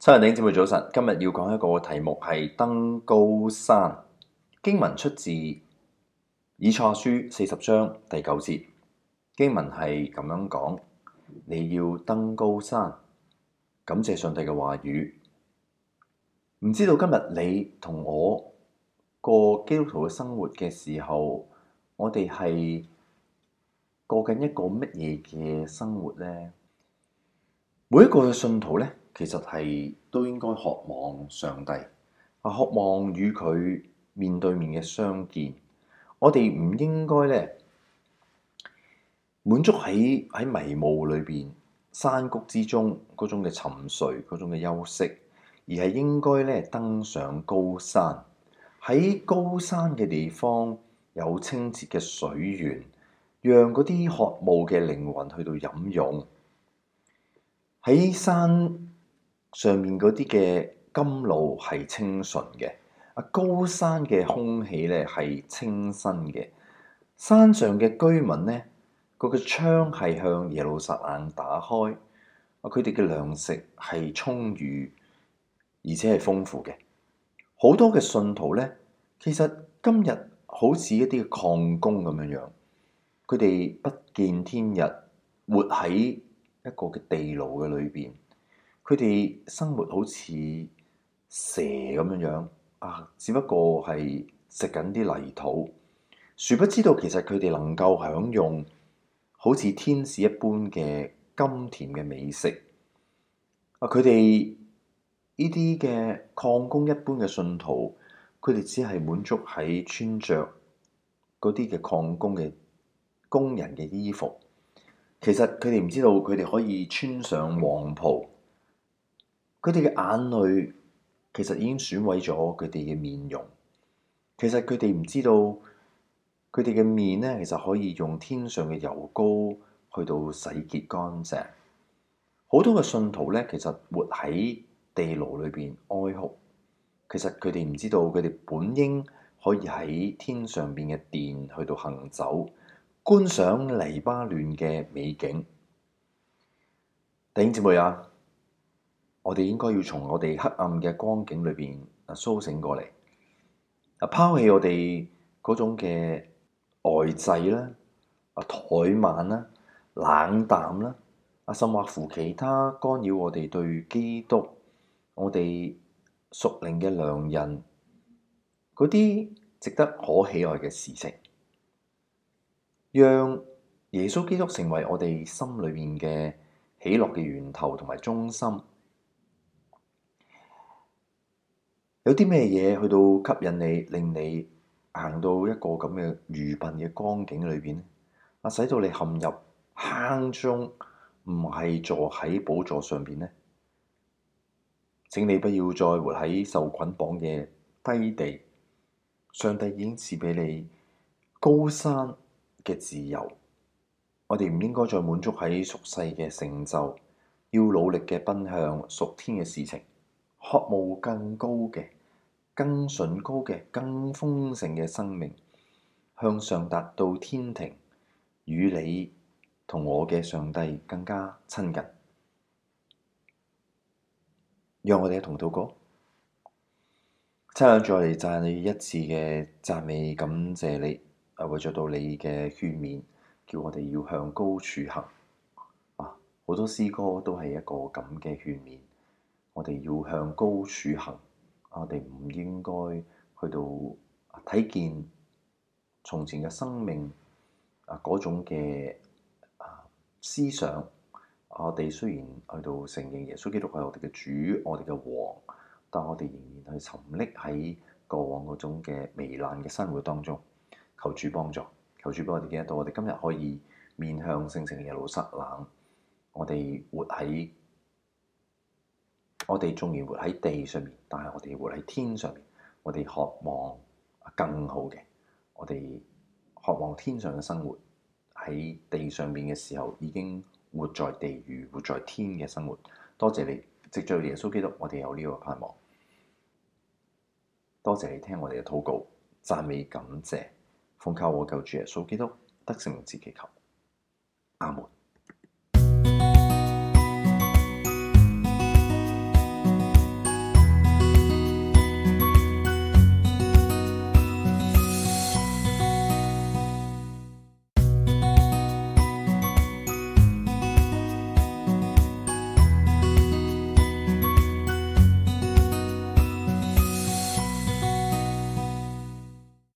七人頂姐妹早晨，今日要講一個題目係登高山。經文出自以賽亞書四十章第九節。經文係咁樣講，你要登高山，感謝上帝嘅話語。唔知道今日你同我過基督徒嘅生活嘅時候，我哋係過緊一個乜嘢嘅生活呢？每一個嘅信徒呢。」其實係都應該渴望上帝，啊渴望與佢面對面嘅相見。我哋唔應該咧滿足喺喺迷霧裏邊、山谷之中嗰種嘅沉睡、嗰種嘅休息，而係應該咧登上高山。喺高山嘅地方有清澈嘅水源，讓嗰啲渴慕嘅靈魂去到飲用。喺山上面嗰啲嘅甘露係清純嘅，啊高山嘅空氣咧係清新嘅，山上嘅居民咧個個窗係向耶路撒冷打開，啊佢哋嘅糧食係充裕而且係豐富嘅，好多嘅信徒咧其實今日好似一啲嘅礦工咁樣樣，佢哋不見天日，活喺一個嘅地牢嘅裏邊。佢哋生活好似蛇咁樣樣啊，只不過係食緊啲泥土，殊不知道其實佢哋能夠享用好似天使一般嘅甘甜嘅美食啊！佢哋呢啲嘅礦工一般嘅信徒，佢哋只係滿足喺穿着嗰啲嘅礦工嘅工人嘅衣服，其實佢哋唔知道佢哋可以穿上皇袍。佢哋嘅眼淚其實已經損毀咗佢哋嘅面容。其實佢哋唔知道，佢哋嘅面咧其實可以用天上嘅油膏去到洗潔乾淨。好多嘅信徒咧，其實活喺地牢裏邊哀哭。其實佢哋唔知道，佢哋本應可以喺天上邊嘅殿去到行走，觀賞黎巴嫩嘅美景。弟兄姊妹啊！我哋應該要從我哋黑暗嘅光景裏面啊蘇醒過嚟，啊拋棄我哋嗰種嘅呆滯啦、怠慢啦、冷淡啦、啊甚至乎其他干擾我哋對基督、我哋屬靈嘅良人嗰啲值得可喜愛嘅事情，讓耶穌基督成為我哋心裏面嘅喜樂嘅源頭同埋中心。有啲咩嘢去到吸引你，令你行到一個咁嘅愚笨嘅光景裏邊呢？啊，使到你陷入坑中，唔係坐喺寶座上邊呢？請你不要再活喺受捆綁嘅低地。上帝已經賜畀你高山嘅自由。我哋唔應該再滿足喺俗世嘅成就，要努力嘅奔向屬天嘅事情，渴慕更高嘅。更崇高嘅，更豐盛嘅生命，向上達到天庭，與你同我嘅上帝更加親近。讓我哋一同禱告，親眼再嚟哋讚你一次嘅讚美，感謝你，為咗到你嘅勸勉，叫我哋要向高處行。啊，好多詩歌都係一個咁嘅勸勉，我哋要向高處行。我哋唔應該去到睇見從前嘅生命，啊嗰種嘅啊思想，我哋雖然去到承認耶穌基督係我哋嘅主、我哋嘅王，但我哋仍然係沉溺喺過往嗰種嘅糜爛嘅生活當中，求主幫助，求主幫我哋見得到，我哋今日可以面向聖城嘅耶路撒冷，我哋活喺。我哋縱然活喺地上面，但係我哋活喺天上面。我哋渴望更好嘅，我哋渴望天上嘅生活。喺地上面嘅時候，已經活在地獄、活在天嘅生活。多謝你藉着耶穌基督，我哋有呢個盼望。多謝你聽我哋嘅禱告，讚美、感謝，奉靠我救主耶穌基督得成自己求。阿門。